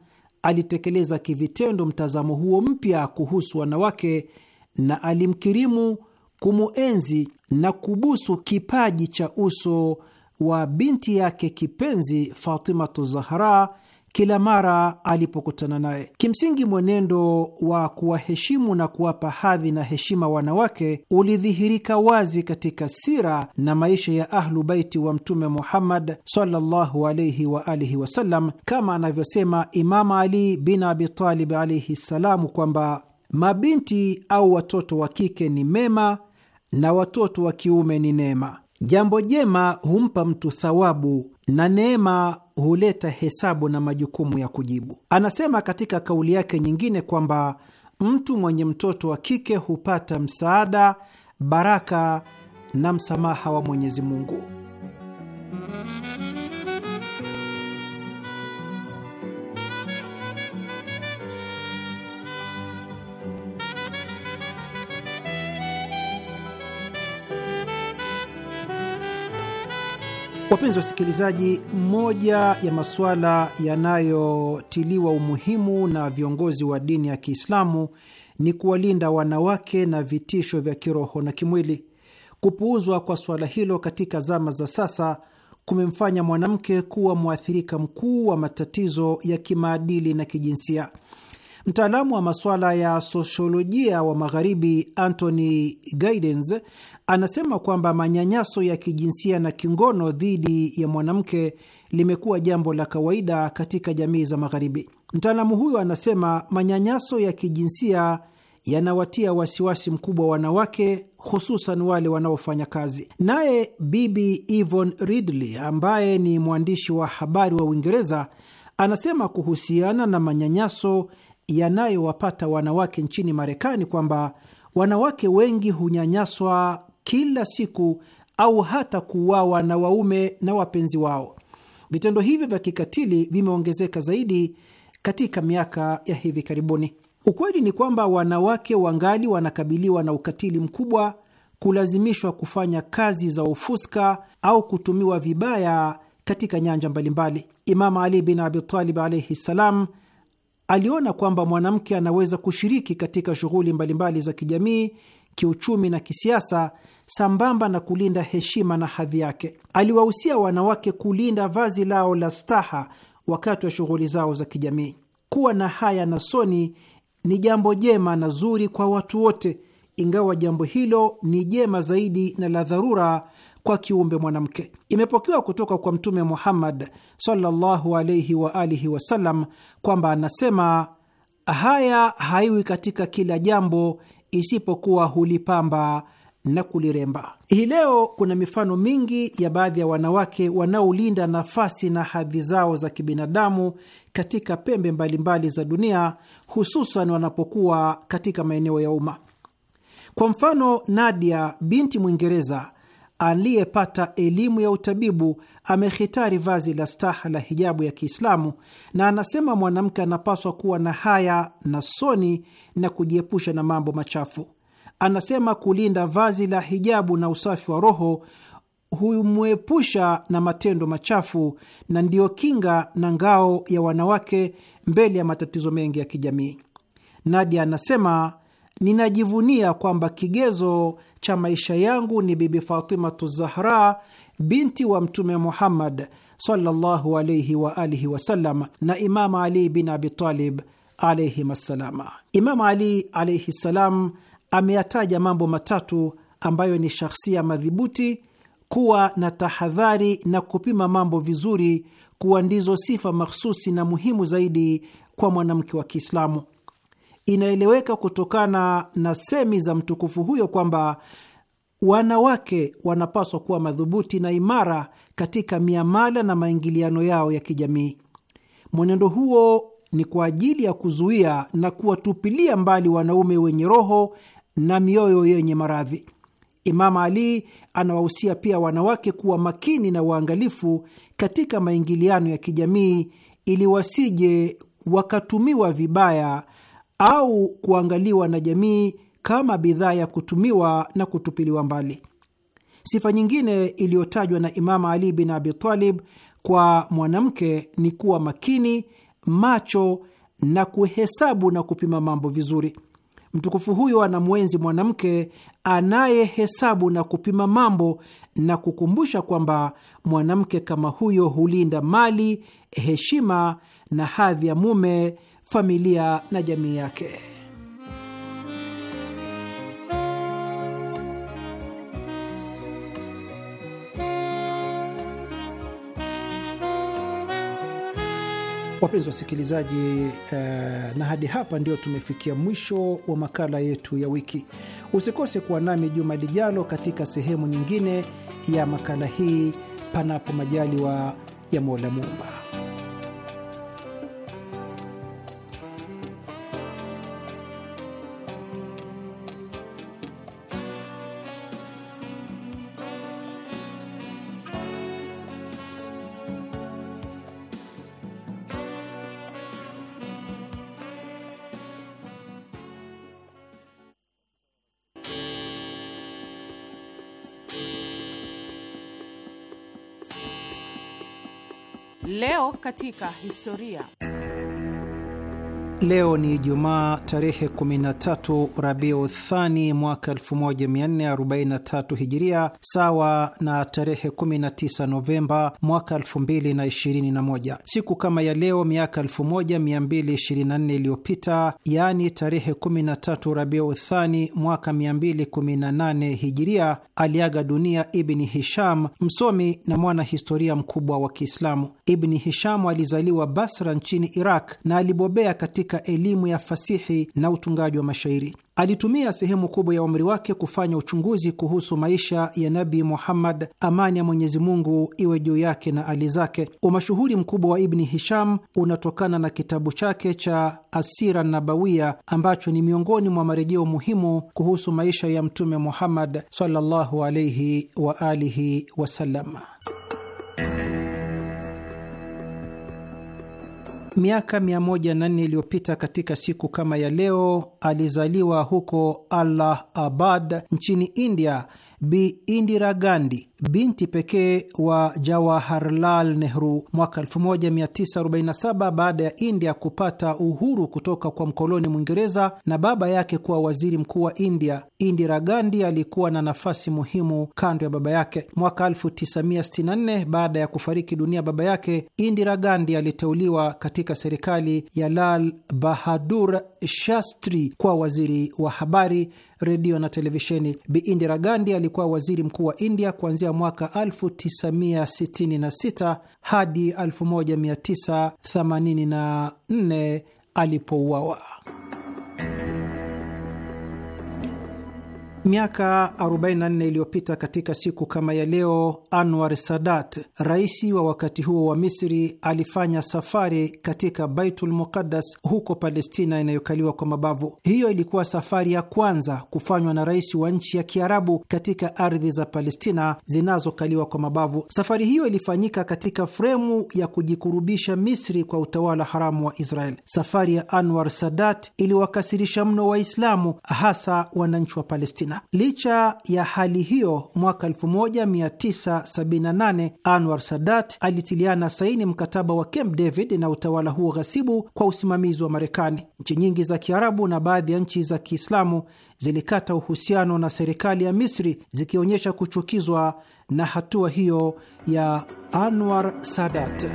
alitekeleza kivitendo mtazamo huo mpya kuhusu wanawake na alimkirimu, kumuenzi na kubusu kipaji cha uso wa binti yake kipenzi Fatimatu Zahra kila mara alipokutana naye. Kimsingi, mwenendo wa kuwaheshimu na kuwapa hadhi na heshima wanawake ulidhihirika wazi katika sira na maisha ya Ahlu Baiti wa Mtume Muhammad sallallahu alaihi wa alihi wasallam, kama anavyosema Imam Ali bin Abitalib alaihi ssalamu kwamba mabinti au watoto wa kike ni mema na watoto wa kiume ni neema. Jambo jema humpa mtu thawabu na neema huleta hesabu na majukumu ya kujibu. Anasema katika kauli yake nyingine kwamba mtu mwenye mtoto wa kike hupata msaada, baraka na msamaha wa Mwenyezi Mungu. Wapenzi wasikilizaji, moja ya masuala yanayotiliwa umuhimu na viongozi wa dini ya Kiislamu ni kuwalinda wanawake na vitisho vya kiroho na kimwili. Kupuuzwa kwa suala hilo katika zama za sasa kumemfanya mwanamke kuwa mwathirika mkuu wa matatizo ya kimaadili na kijinsia. Mtaalamu wa masuala ya sosiolojia wa Magharibi, Anthony Giddens, Anasema kwamba manyanyaso ya kijinsia na kingono dhidi ya mwanamke limekuwa jambo la kawaida katika jamii za Magharibi. Mtaalamu huyo anasema manyanyaso ya kijinsia yanawatia wasiwasi mkubwa wanawake, hususan wale wanaofanya kazi. Naye Bibi Yvonne Ridley ambaye ni mwandishi wa habari wa Uingereza anasema kuhusiana na manyanyaso yanayowapata wanawake nchini Marekani kwamba wanawake wengi hunyanyaswa kila siku au hata kuuawa na waume na wapenzi wao. Vitendo hivyo vya kikatili vimeongezeka zaidi katika miaka ya hivi karibuni. Ukweli ni kwamba wanawake wangali wanakabiliwa na ukatili mkubwa, kulazimishwa kufanya kazi za ufuska au kutumiwa vibaya katika nyanja mbalimbali. Imamu Ali bin Abitalib alaihi ssalam aliona kwamba mwanamke anaweza kushiriki katika shughuli mbalimbali za kijamii, kiuchumi na kisiasa sambamba na kulinda heshima na hadhi yake. Aliwahusia wanawake kulinda vazi lao la staha wakati wa shughuli zao za kijamii. Kuwa na haya na soni ni jambo jema na zuri kwa watu wote, ingawa jambo hilo ni jema zaidi na la dharura kwa kiumbe mwanamke. Imepokewa kutoka kwa Mtume Muhammad sallallahu wa alihi wasallam kwamba anasema, haya haiwi katika kila jambo isipokuwa hulipamba na kuliremba. Hii leo kuna mifano mingi ya baadhi ya wanawake wanaolinda nafasi na hadhi zao za kibinadamu katika pembe mbalimbali mbali za dunia, hususan wanapokuwa katika maeneo ya umma. Kwa mfano, Nadia binti Mwingereza aliyepata elimu ya utabibu amehitari vazi la staha la hijabu ya Kiislamu na anasema mwanamke anapaswa kuwa na haya na soni na kujiepusha na mambo machafu anasema kulinda vazi la hijabu na usafi wa roho humwepusha na matendo machafu na ndiyo kinga na ngao ya wanawake mbele ya matatizo mengi ya kijamii. Nadia anasema ninajivunia kwamba kigezo cha maisha yangu ni Bibi Fatimatu Zahra, binti wa Mtume Muhammad sallallahu wa alihi wasallam na Imama Ali bin Abitalib alaihim assalama. Imama Ali ameyataja mambo matatu ambayo ni shahsia madhubuti, kuwa na tahadhari na kupima mambo vizuri, kuwa ndizo sifa mahsusi na muhimu zaidi kwa mwanamke wa Kiislamu. Inaeleweka kutokana na semi za mtukufu huyo kwamba wanawake wanapaswa kuwa madhubuti na imara katika miamala na maingiliano yao ya kijamii. Mwenendo huo ni kwa ajili ya kuzuia na kuwatupilia mbali wanaume wenye roho na mioyo yenye maradhi. Imamu Ali anawahusia pia wanawake kuwa makini na waangalifu katika maingiliano ya kijamii ili wasije wakatumiwa vibaya au kuangaliwa na jamii kama bidhaa ya kutumiwa na kutupiliwa mbali. Sifa nyingine iliyotajwa na Imamu Ali bin Abi Talib kwa mwanamke ni kuwa makini, macho na kuhesabu na kupima mambo vizuri. Mtukufu huyo anamwenzi mwanamke anayehesabu na kupima mambo na kukumbusha kwamba mwanamke kama huyo hulinda mali, heshima na hadhi ya mume, familia na jamii yake. Wapenzi wasikilizaji, eh, na hadi hapa ndio tumefikia mwisho wa makala yetu ya wiki. Usikose kuwa nami juma lijalo katika sehemu nyingine ya makala hii, panapo majaliwa ya Mola Muumba. katika historia. Leo ni Jumaa tarehe 13 Rabiu Thani mwaka 1443 Hijiria, sawa na tarehe 19 Novemba mwaka 2021. Siku kama ya leo miaka 1224 iliyopita, yaani tarehe 13 Rabiu Thani mwaka 218 Hijiria, aliaga dunia Ibni Hisham, msomi na mwanahistoria mkubwa wa Kiislamu. Ibni Hisham alizaliwa Basra nchini Iraq na alibobea katika katika elimu ya fasihi na utungaji wa mashairi. Alitumia sehemu kubwa ya umri wake kufanya uchunguzi kuhusu maisha ya Nabi Muhammad, amani ya Mwenyezi Mungu iwe juu yake na ali zake. Umashuhuri mkubwa wa Ibni Hisham unatokana na kitabu chake cha Asira Nabawia ambacho ni miongoni mwa marejeo muhimu kuhusu maisha ya Mtume Muhammad sallallahu alaihi waalihi wasallam. miaka 104 iliyopita katika siku kama ya leo alizaliwa huko Allahabad nchini India Bi Indira Gandhi binti pekee wa Jawaharlal Nehru. Mwaka 1947 baada ya India kupata uhuru kutoka kwa mkoloni Mwingereza na baba yake kuwa waziri mkuu wa India, Indira Gandhi alikuwa na nafasi muhimu kando ya baba yake. Mwaka 1964 baada ya kufariki dunia baba yake, Indira Gandhi aliteuliwa katika serikali ya Lal Bahadur Shastri kuwa waziri wa habari, redio na televisheni. Bi Indira Gandhi alikuwa waziri mkuu wa India kuanzia mwaka 1966 hadi 1984 alipouawa. Miaka 44 iliyopita katika siku kama ya leo, Anwar Sadat, rais wa wakati huo wa Misri, alifanya safari katika Baitul Muqaddas huko Palestina inayokaliwa kwa mabavu. Hiyo ilikuwa safari ya kwanza kufanywa na rais wa nchi ya Kiarabu katika ardhi za Palestina zinazokaliwa kwa mabavu. Safari hiyo ilifanyika katika fremu ya kujikurubisha Misri kwa utawala haramu wa Israel. Safari ya Anwar Sadat iliwakasirisha mno Waislamu, hasa wananchi wa Palestina. Ghana. Licha ya hali hiyo, mwaka 1978 Anwar Sadat alitiliana saini mkataba wa Camp David na utawala huo ghasibu kwa usimamizi wa Marekani. Nchi nyingi za Kiarabu na baadhi ya nchi za Kiislamu zilikata uhusiano na serikali ya Misri zikionyesha kuchukizwa na hatua hiyo ya Anwar Sadat.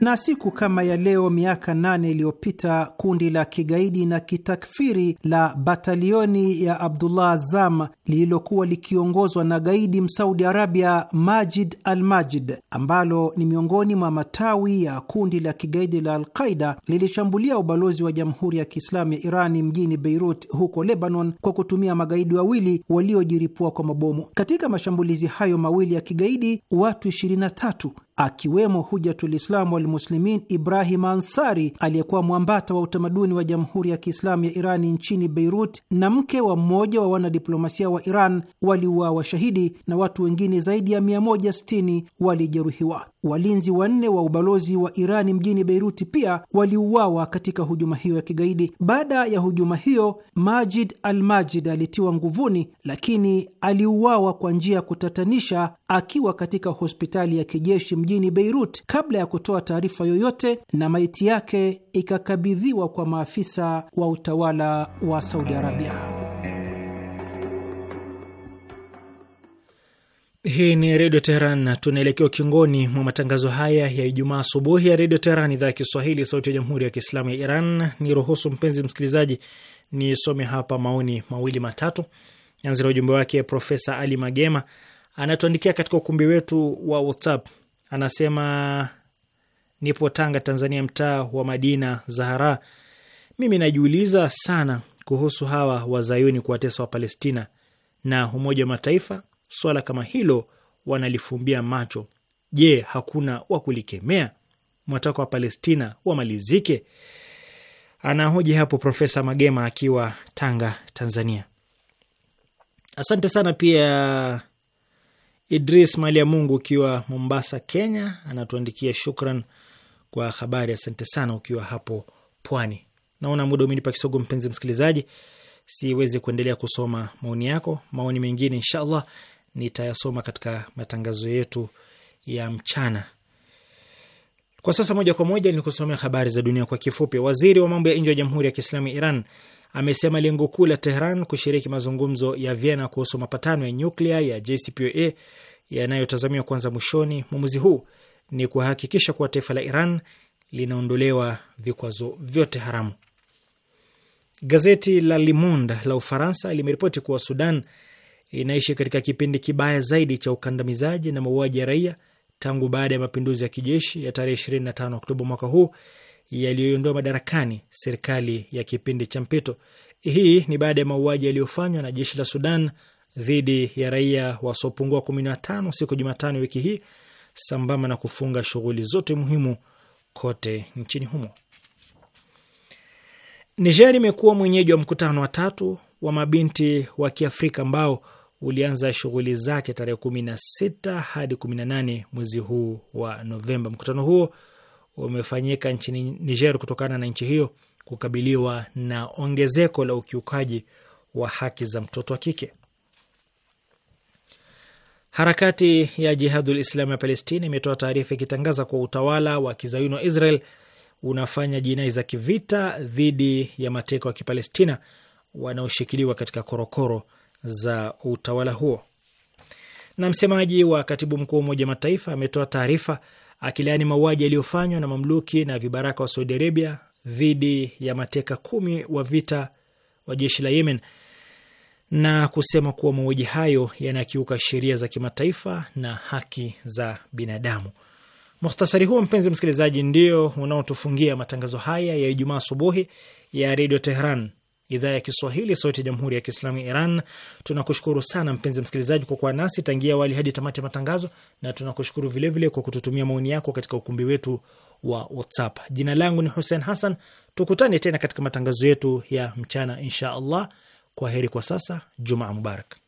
Na siku kama ya leo miaka nane iliyopita kundi la kigaidi na kitakfiri la batalioni ya Abdullah Azam lililokuwa likiongozwa na gaidi Msaudi Arabia Majid al Majid, ambalo ni miongoni mwa matawi ya kundi la kigaidi la Alqaida, lilishambulia ubalozi wa Jamhuri ya Kiislamu ya Irani mjini Beirut huko Lebanon kwa kutumia magaidi wawili waliojiripua kwa mabomu. Katika mashambulizi hayo mawili ya kigaidi, watu 23 akiwemo Hujatulislamu Walmuslimin Ibrahim Ansari aliyekuwa mwambata wa utamaduni wa Jamhuri ya Kiislamu ya Irani nchini Beirut na mke wa mmoja wa wanadiplomasia wa Iran waliuawa shahidi na watu wengine zaidi ya 160 walijeruhiwa. Walinzi wanne wa ubalozi wa Irani mjini Beiruti pia waliuawa katika hujuma hiyo ya kigaidi. Baada ya hujuma hiyo, Majid al-Majid alitiwa nguvuni, lakini aliuawa kwa njia ya kutatanisha akiwa katika hospitali ya kijeshi mjini Beirut kabla ya kutoa taarifa yoyote, na maiti yake ikakabidhiwa kwa maafisa wa utawala wa Saudi Arabia. Hii ni Redio Teheran na tunaelekea ukingoni mwa matangazo haya ya Ijumaa asubuhi ya Redio Teheran, idhaa ya Kiswahili, sauti ya jamhuri ya kiislamu ya Iran. Ni ruhusu mpenzi msikilizaji, nisome hapa maoni mawili matatu. Anza na ujumbe wake Profesa Ali Magema, anatuandikia katika ukumbi wetu wa WhatsApp. Anasema nipo Tanga, Tanzania, mtaa wa Madina Zahara. Mimi najiuliza sana kuhusu hawa wazayuni kuwatesa Wapalestina na Umoja wa Mataifa swala kama hilo wanalifumbia macho. Je, hakuna wa kulikemea? Mwataka wa Palestina wamalizike? Anahoji hapo Profesa Magema akiwa Tanga, Tanzania. Asante sana pia Idris Mali ya Mungu ukiwa Mombasa, Kenya, anatuandikia shukran kwa habari. Asante sana ukiwa hapo Pwani. Naona muda umenipa kisogo, mpenzi msikilizaji, siwezi kuendelea kusoma maoni yako. Maoni mengine inshallah nitayasoma katika matangazo yetu ya mchana. Kwa sasa moja kwa moja ni kusomea habari za dunia kwa kifupi. Waziri wa mambo ya nje wa Jamhuri ya Kiislamu Iran amesema lengo kuu la Tehran kushiriki mazungumzo ya Vienna kuhusu mapatano ya nyuklia ya JCPOA yanayotazamiwa kuanza mwishoni mwa mwezi huu ni kuhakikisha kuwa taifa la Iran linaondolewa vikwazo vyote haramu. Gazeti la Le Monde la Ufaransa limeripoti kuwa Sudan inaishi katika kipindi kibaya zaidi cha ukandamizaji na mauaji ya raia tangu baada ya mapinduzi ya kijeshi ya tarehe 25 Oktoba mwaka huu yaliyoiondoa madarakani serikali ya kipindi cha mpito. Hii ni baada ya mauaji yaliyofanywa na jeshi la Sudan dhidi ya raia wasiopungua 15 siku Jumatano wiki hii, sambamba na kufunga shughuli zote muhimu kote nchini humo. Niger imekuwa mwenyeji wa mkutano wa tatu wa mabinti wa Kiafrika ambao ulianza shughuli zake tarehe kumi na sita hadi kumi nane mwezi huu wa Novemba. Mkutano huo umefanyika nchini Niger kutokana na nchi hiyo kukabiliwa na ongezeko la ukiukaji wa haki za mtoto wa kike. Harakati ya Jihadul Islamu ya Palestina imetoa taarifa ikitangaza kwa utawala wa kizayuni wa Israel unafanya jinai za kivita dhidi ya mateka wa Kipalestina wanaoshikiliwa katika korokoro za utawala huo. Na msemaji wa katibu mkuu wa Umoja wa Mataifa ametoa taarifa akilaani mauaji yaliyofanywa na mamluki na vibaraka wa Saudi Arabia dhidi ya mateka kumi wa vita wa jeshi la Yemen na kusema kuwa mauaji hayo yanakiuka sheria za kimataifa na haki za binadamu. Mukhtasari huo mpenzi msikilizaji, ndio unaotufungia matangazo haya ya Ijumaa asubuhi ya Redio Tehran idhaa ya Kiswahili, sauti ya jamhuri ya kiislamu ya Iran. Tunakushukuru sana mpenzi msikilizaji kwa kuwa nasi tangia awali hadi tamati ya matangazo, na tunakushukuru vilevile kwa kututumia maoni yako katika ukumbi wetu wa WhatsApp. Jina langu ni Hussein Hassan, tukutane tena katika matangazo yetu ya mchana insha Allah. Kwa heri kwa sasa, Jumaa Mubarak.